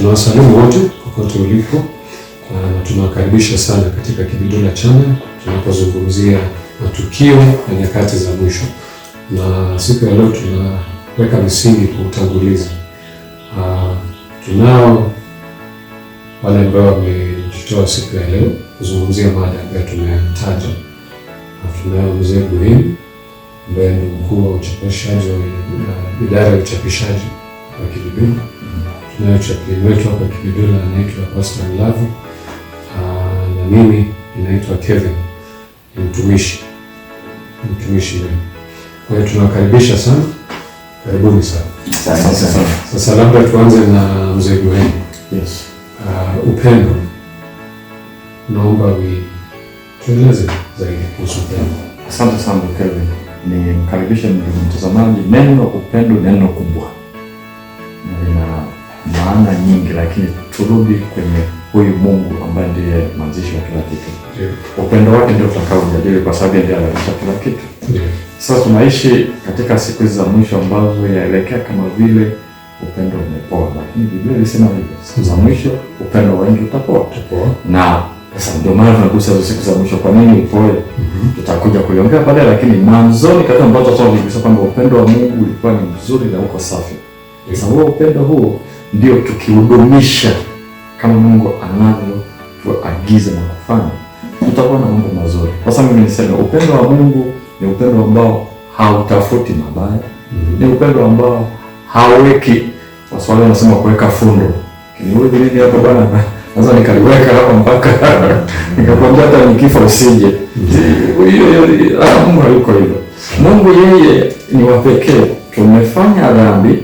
Tunawasalimu wote kokote ulipo na tunawakaribisha sana katika Kibindula Channel tunapozungumzia matukio na nyakati za mwisho, na siku ya leo tunaweka misingi kwa utangulizi. Ah, tunao wale ambao wamejitoa siku ya leo kuzungumzia mada ambayo tumetaja. Tunayo mzee Buheri ambaye ni mkuu wa uchapishaji wa idara ya uchapishaji wa Kilibengo Mchapili wetu hapa Kibidula anaitwa Pastor Love ah, na mimi inaitwa Kevin, ni mtumishi mtumishi leo. Kwa hiyo tunawakaribisha sana, karibuni sana. Sasa labda tuanze na mzee Duane. Yes. Uh, upendo, naomba wi tueleze zaidi kuhusu upendo. Asante sana Kevin, ni mkaribishe mtazamaji. Neno upendo neno kubwa maana nyingi, lakini turudi kwenye huyu Mungu ambaye ndiye mwanzishi wa kila kitu. Upendo wake ndio utakaojadili kwa sababu ndiye alianzisha kila kitu. Sasa tunaishi katika siku hizi za mwisho ambazo yaelekea kama vile upendo umepoa, lakini Biblia inasema hivyo, siku za mwisho upendo wa wengi utapoa. Na sasa ndio maana tunagusa hizo siku za mwisho. Kwa nini upoe? mm -hmm. Tutakuja kuliongea baadaye, lakini mwanzoni katika ambazo tunazungumzia kwamba upendo wa Mungu ulikuwa ni mzuri na uko safi. Sasa huo upendo huo ndio tukihudumisha kama Mungu anavyotuagiza na kufanya, tutakuwa na mambo mazuri, kwa sababu nimesema upendo wa Mungu ni upendo ambao hautafuti mabaya, mm-hmm. ni upendo ambao hauweki. Waswahili wanasema kuweka fundo kiniudhilini hapo bwana sasa nikaliweka hapa mpaka mm-hmm. nikakwambia hata nikifa usije. Mm-hmm. Ah, Mungu hayuko hivyo. Mungu yeye ni wa pekee. Tumefanya dhambi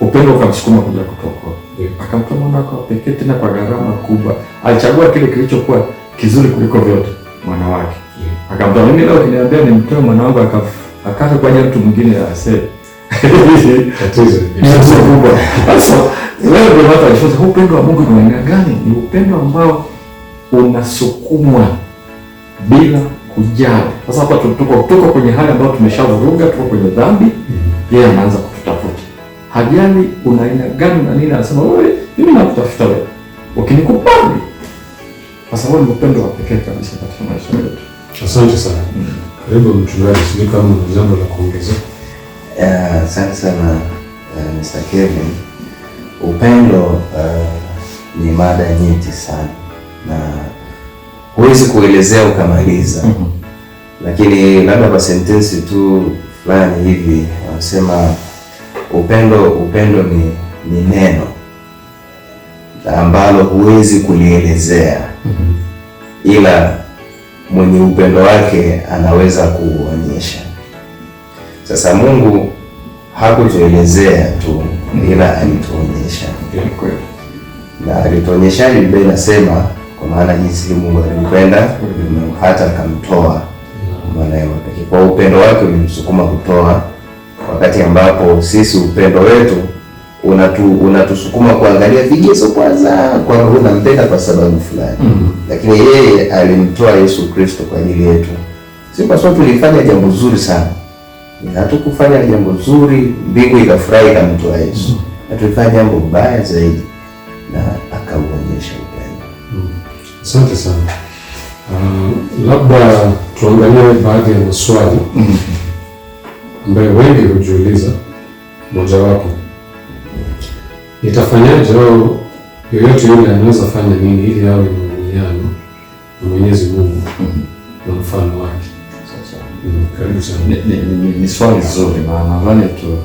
upendo ukamsukuma kuja kutokoa, yeah. akamtoa mwana wake pekee, tena kwa gharama kubwa. Alichagua kile kilichokuwa kizuri kuliko vyote, mwana wake yeah. Akamtoa. Mimi leo kiniambia nimtoe mwana wangu akafa kwa ajili mtu mwingine asee upendo wa Mungu ni aina gani? Ni upendo ambao unasukumwa bila kujali. Sasa hapa tuko tuko kwenye hali ambayo tumeshavuruga, tuko kwenye dhambi, mm-hmm. yeye anaanza hajali una aina gani na nini, anasema wewe, mimi nakutafuta wewe, ukinikubali, kwa sababu ni upendo wa pekee kabisa katika maisha yetu. Asante sana. Mm. Karibu mchungaji, sijui kama una jambo la kuongeza. Eh, asante sana eh, Mr. Kevin. Upendo eh, ni mada nyeti sana na huwezi kuelezea ukamaliza. mm -hmm. Lakini labda kwa sentensi tu fulani hivi wanasema Upendo, upendo ni, ni neno ambalo huwezi kulielezea mm-hmm. ila mwenye upendo wake anaweza kuuonyesha. Sasa Mungu hakutuelezea tu, ila alituonyesha na alituonyeshaje? Biblia inasema kwa maana jinsi Mungu alimpenda hata akamtoa mwanawe pekee. Kwa upendo wake ulimsukuma kutoa wakati ambapo sisi upendo wetu unatu, unatusukuma kuangalia vigezo kwanza kwamba sababu nampenda kwa sababu fulani mm. Lakini yeye alimtoa Yesu Kristo kwa ajili yetu, si kwa sababu tulifanya jambo zuri sana. Hatukufanya jambo zuri, mbingu ikafurahi kamtoa Yesu mm. tulifanya jambo baya zaidi, na akauonyesha upendo. Mm. Asante mm. sana. Uh, labda tuangalie baadhi ya maswali mm-hmm ambaye wengi hujiuliza, mojawapo, nitafanyaje au yoyote yule anaweza fanya nini ili awe na uwiano na Mwenyezi Mungu na mfano wake? Mm-hmm. Mm, karibu sana. Ni swali zuri, maana nadhani tu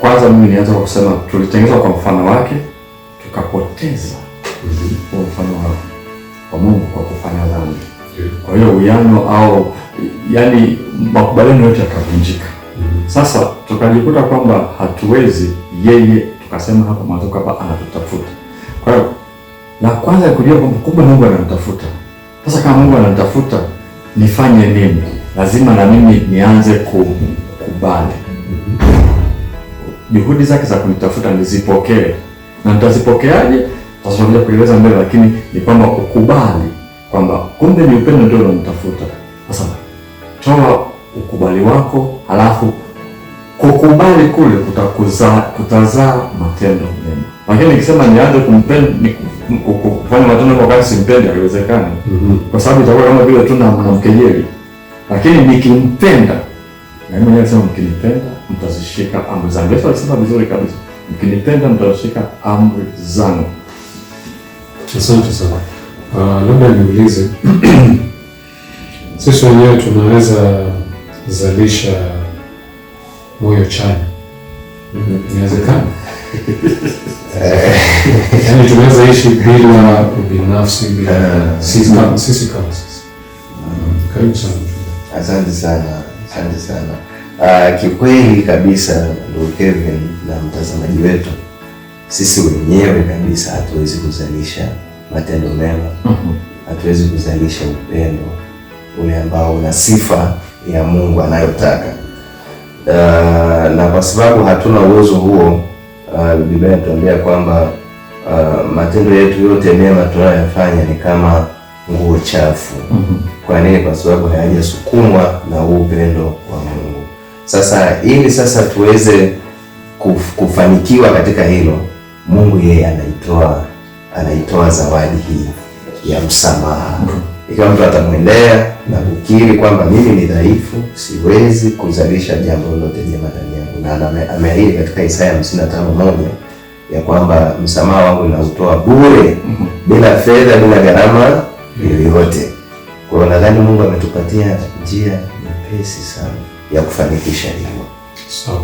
kwanza mimi nianza kwa kusema tulitengenezwa kwa mfano wake, tukapoteza huo mm-hmm. mfano wa Mungu kwa kufanya dhambi. Kwa hiyo uwiano au yani makubaliano yote yakavunjika. Sasa tukajikuta kwamba hatuwezi yeye, tukasema hapo mwanzo kwamba anatutafuta. Kwa hiyo la kwanza ya kujua kwamba kumbe Mungu ananitafuta. Sasa kama Mungu ananitafuta nifanye nini? Lazima na mimi nianze kukubali juhudi zake za kunitafuta, nizipokee. Na nitazipokeaje? Tutakuja kueleza mbele, lakini ni kwamba ukubali kwamba kumbe ni upendo ndio unanitafuta. Sasa toa ukubali wako halafu kukubali kule kutakuzaa kutazaa matendo mema. Lakini nikisema nianze kumpenda kufanya matendo kwa kazi simpendi, haiwezekani mm -hmm. kwa sababu itakuwa kama vile tu namkejeli. Lakini nikimpenda, na mimi nasema mkinipenda mtazishika amri zangu. Yesu alisema vizuri kabisa, mkinipenda mtazishika amri zangu. Asante sana. Uh, labda niulize sisi wenyewe tunaweza zalisha moyo chanya. Inawezekana eh, yani tunaweza ishi bila binafsi, bila sisi kama sisi. Karibu sana. Asante sana, asante sana. Uh, ah, kikweli kabisa ndugu Kevin na mtazamaji wetu, sisi wenyewe kabisa hatuwezi kuzalisha matendo mema, mhm. hatuwezi kuzalisha upendo ule ambao una sifa ya Mungu anayotaka. Eh, na kwa sababu hatuna uwezo huo eh, Biblia inatuambia kwamba uh, matendo yetu yote mema tunayoyafanya ni kama nguo chafu. Mhm. Kwa nini? Kwa sababu hayajasukumwa na huu upendo wa Mungu. Sasa ili sasa tuweze kuf, kufanikiwa katika hilo, Mungu yeye anaitoa anaitoa zawadi hii ya msamaha. Ikiwa mtu atamwendea na kukiri kwamba mimi ni dhaifu, siwezi kuzalisha jambo lolote jema ndani yangu, na ameahidi katika Isaya 55:1 ya kwamba msamaha wangu nautoa bure bila fedha, bila gharama yoyote. Kwa hiyo nadhani Mungu ametupatia njia nyepesi sana ya kufanikisha hilo. Sawa.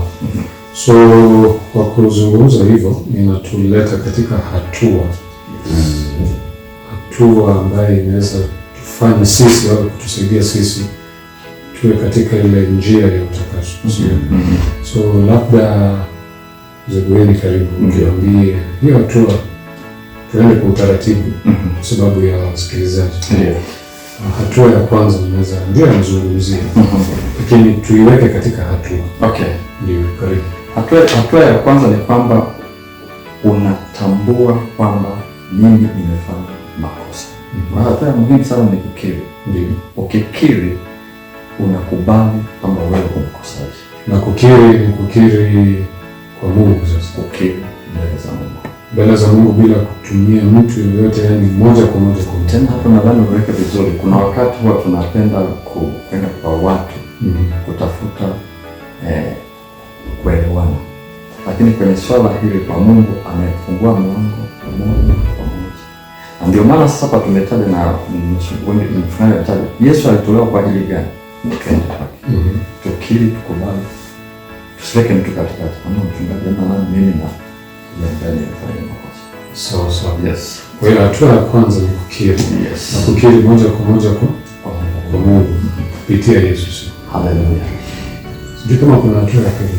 So kwa kuzungumza hivyo inatuleta katika hatua mm. hatua ambayo inaweza kutufanya sisi au kutusaidia sisi tuwe katika ile njia ya utakaso mm -hmm. Mm-hmm. So labda Zegueni, karibu mm-hmm. tuambie hiyo hatua, tuende kwa utaratibu mm-hmm. kwa sababu ya wasikilizaji yeah. Ah, hatua ya kwanza naweza ndio lakini mm -hmm. Lakini tuiweke katika hatua okay. Ndio, karibu. Hatua, hatua ya kwanza ni kwamba unatambua kwamba mimi nimefanya makosa ya muhimu sana ni kukiri. Ndio. Ukikiri unakubali kwamba wewe ni Na kukiri ni kukiri kwa Mungu sasa, kukiri mbele za Mungu, mbele za Mungu bila kutumia mtu yeyote, yani moja kwa moja. Tena hapo nadhani uweke vizuri, kuna wakati huwa tunapenda kuenda kwa watu mm -hmm. kutafuta eh, kuelewana, lakini kwenye swala hili kwa Mungu amefungua mlango mmoja ndio maana sasa hapa tumetaja na mchungaji ataja Yesu alitolewa kwa ajili gani? Upendo wake. Mm-hmm. Tukiri tukubali. Tusiweke mtu katikati. Kama mchungaji ama mimi na ndani ya kufanya makosa. Sawa sawa. Yes. Kwa hiyo hatua ya kwanza ni kukiri. Yes. Na kukiri moja kwa moja kwa kwa Mungu kupitia Yesu. Haleluya. Sijui kama kuna hatua ya pili.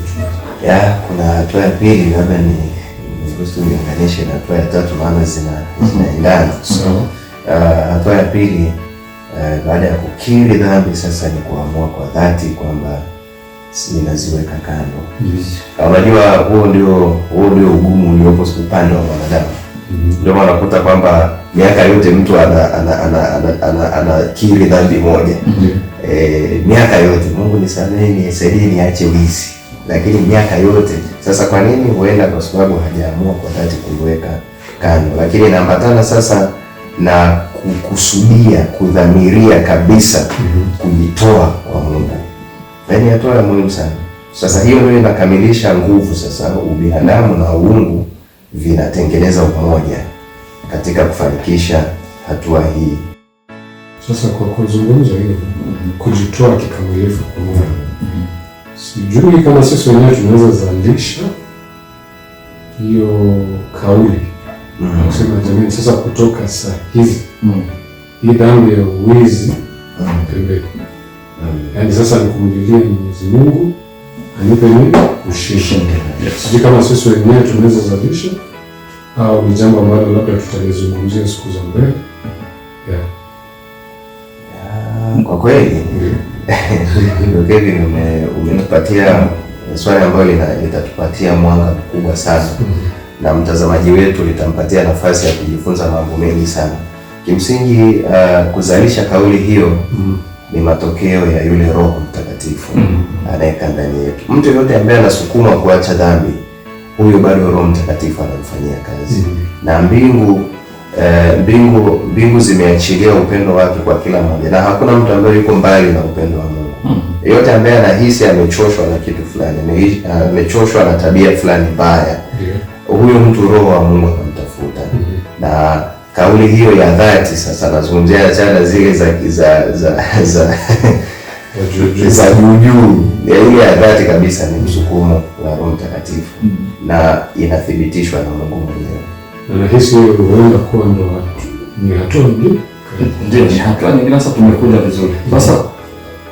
Ya, kuna hatua ya pili labda ni ruhusu niunganishe na hatua ya tatu, maana zinaendana. Hatua ya pili, uh, baada ya kukiri dhambi, sasa ni kuamua kwa dhati kwamba ninaziweka kando. Mm-hmm. Unajua, huo ndio huo ndio ugumu uliopo upande wa mwanadamu. Mm-hmm. Ndio maana unakuta kwamba miaka yote mtu anakiri dhambi moja, mm-hmm. eh, miaka yote Mungu nisamehe, nisaidie, niache wizi, lakini miaka yote sasa kwa nini? Huenda kwa sababu hajaamua kwa dhati kuiweka kando, lakini inaambatana sasa na kukusudia, kudhamiria kabisa mhm. kujitoa kwa Mungu, yaani hatua ya muhimu sana. Sasa hiyo ndio inakamilisha nguvu. Sasa ubinadamu na uungu vinatengeneza umoja katika kufanikisha hatua hii. Sasa kwa kuzungumza hivi, kujitoa kikamilifu kwa Mungu Sijui kama sisi wenyewe tunaweza zalisha hiyo kauli mm -hmm. Kusema jamani, sasa kutoka saa hizi mm hii dhambi ya uwizi mm pembeni mm yaani sasa nikumlilia Mwenyezi Mungu anipe nini yes. Sijui kama sisi wenyewe tunaweza zalisha au ni jambo ambalo labda tutalizungumzia siku za mbele yeah. Kwa kweli Kevin, umetupatia swali ambalo litatupatia mwanga mkubwa sana na mtazamaji wetu litampatia nafasi ya kujifunza mambo mengi sana. Kimsingi uh, kuzalisha kauli hiyo ni matokeo ya yule Roho Mtakatifu mm anayekaa ndani yetu. Mtu yoyote ambaye anasukuma kuacha dhambi, huyo bado Roho Mtakatifu anamfanyia kazi na mbingu eh, mbingu zimeachilia upendo wake kwa kila mmoja, na hakuna mtu ambaye yuko mbali na upendo wa Mungu. Hmm. Yote ambaye anahisi amechoshwa na kitu fulani, amechoshwa na tabia fulani mbaya, yeah. Huyo mtu roho wa Mungu akamtafuta. -hmm. Na kauli hiyo ya dhati sasa nazungumzia jana zile za za za za za juujuu ile ya dhati kabisa ni msukumo wa Roho Mtakatifu. Mm -hmm. Na inathibitishwa na Mungu mwenyewe nahisi huenda kuwa ndo ni hatua nyingine. Ndio, ni hatua nyingine. Sasa tumekuja vizuri. Sasa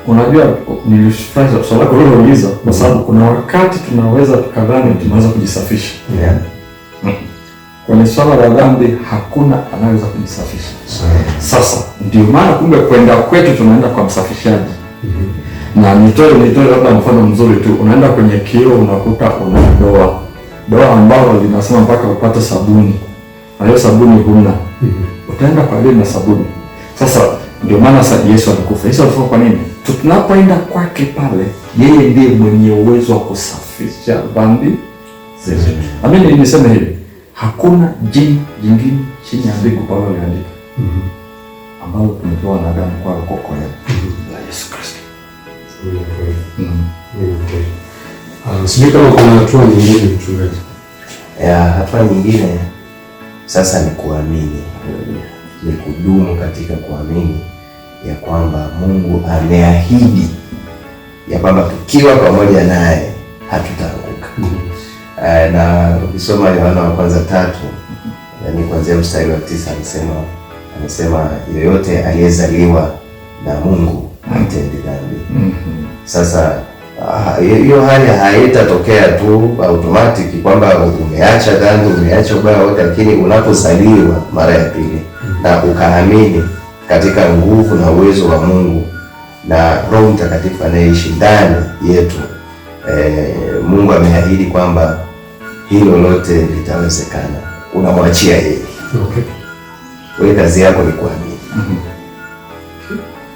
unajua, nilifurahi swali lako ulilouliza kwa sababu kuna wakati tunaweza tukadhani tunaweza kujisafisha Kwenye swala la dhambi hakuna anaweza kujisafisha Sasa ndio maana kumbe kwenda kwetu tunaenda kwa msafishaji mm-hmm. Na nitoe nitoe labda mfano mzuri tu, unaenda kwenye kioo unakuta una doa dawa ambalo linasema mpaka upate sabuni na hiyo sabuni huna, mhm. utaenda kwa ile na sabuni. Sasa ndio maana sasa Yesu alikufa. Yesu alikufa kwa nini? Tunapoenda kwake pale, yeye ndiye mwenye uwezo wa kusafisha dhambi zetu. Amini, nimesema hivi, hakuna jini jingine chini ya mbingu pale aliandika mhm. ambalo tumepewa wanadamu kwa kokoya la Yesu Kristo. Mhm. Mm. Sijui kama kuna hatua nyingine mchungaji. Ya, hatua nyingine sasa ni kuamini, ni kudumu katika kuamini ya kwamba Mungu ameahidi ya kwamba tukiwa pamoja naye hatutaanguka. Uh, na ukisoma Yohana wa kwanza tatu yani kuanzia mstari wa tisa anasema anasema yoyote aliyezaliwa na Mungu hatendi mm-hmm. dhambi. Mm-hmm. Sasa Ah, hiyo uh, hali haitatokea tu automatic kwamba umeacha dhambi umeacha ubaya wote, lakini unapozaliwa mara ya pili na ukaamini katika nguvu na uwezo wa Mungu na Roho Mtakatifu anayeishi ndani yetu e, Mungu ameahidi kwamba hilo lote litawezekana. Unamwachia yeye. Okay. Wewe kazi yako ni kuamini. Mm-hmm.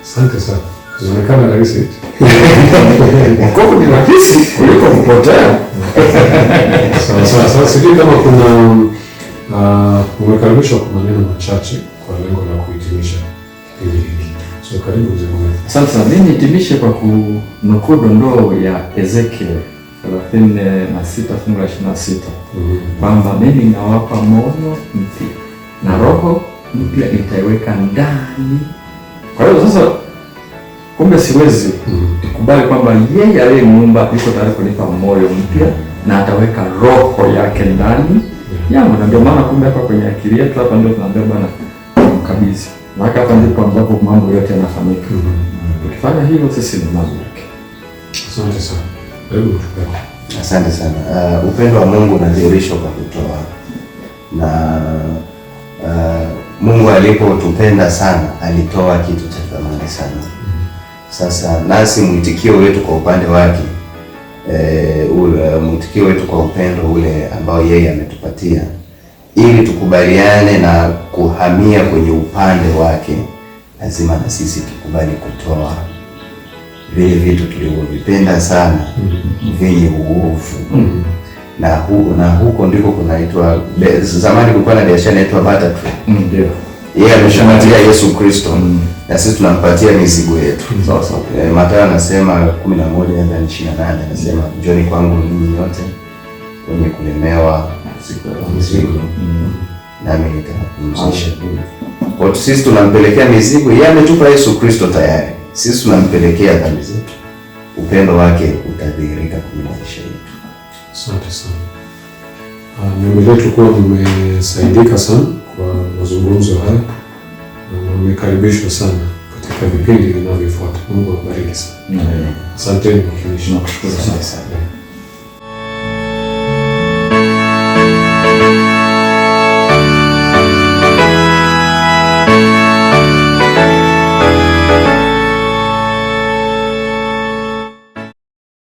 Asante sana inaonekana rahisi. Mkopo ni rahisi kuliko kupotea. Sawa sawa. Sasa sijui kama kuna uh, umekaribishwa kwa maneno machache kwa lengo la kuhitimisha kipindi hiki. So karibu mzee wangu. Asante sana. Mimi nihitimishe kwa kunukuu dondoo ya Ezekiel thelathini na sita fungu la ishirini na sita mhm. kwamba mimi nawapa moyo mpya na roho mpya nitaiweka ndani. Kwa hiyo sasa Kumbe siwezi kukubali mm. kwamba yeye aliyemuumba yuko tayari kunipa moyo mpya na ataweka roho yake ndani yangu, na ndio maana kumbe hapa kwenye akili yetu hapa ndio tunaambia Bwana mkabidhi, na hapa ndipo ambapo mambo yote yanafanyika. Mm-hmm. Tukifanya hivyo sisi ni mambo yake. Asante sana. Hebu Asante sana. Uh, upendo wa Mungu unadhihirishwa kwa kutoa na uh, Mungu alipotupenda sana alitoa kitu cha thamani sana sasa nasi mwitikio wetu kwa upande wake e, ule mwitikio wetu kwa upendo ule ambao yeye ametupatia ili tukubaliane na kuhamia kwenye upande wake, lazima na sisi tukubali kutoa vile vitu tulivyovipenda sana mm-hmm. vyenye uovu mm-hmm. na, hu, na huko ndiko kunaitwa, zamani kulikuwa na biashara inaitwa bata tu, mm, ndio yeye ameshampatia Yesu Kristo mm. na sisi tunampatia mizigo yetu. Mm. Sasa eh, Mathayo anasema 11:28 anasema njoni kwangu ninyi nyote wenye kulemewa mizigo mm. nami nitawapumzisha. Kwa sisi tunampelekea mizigo, yeye ametupa Yesu Kristo tayari, sisi tunampelekea dhambi zetu, upendo wake utadhihirika kwenye maisha yetu. Asante sana, ah, mimi leo tulikuwa tumesaidika sana mazungumzo haya na mmekaribishwa sana katika vipindi vinavyofuata. Mungu awabariki sana. Asanteni.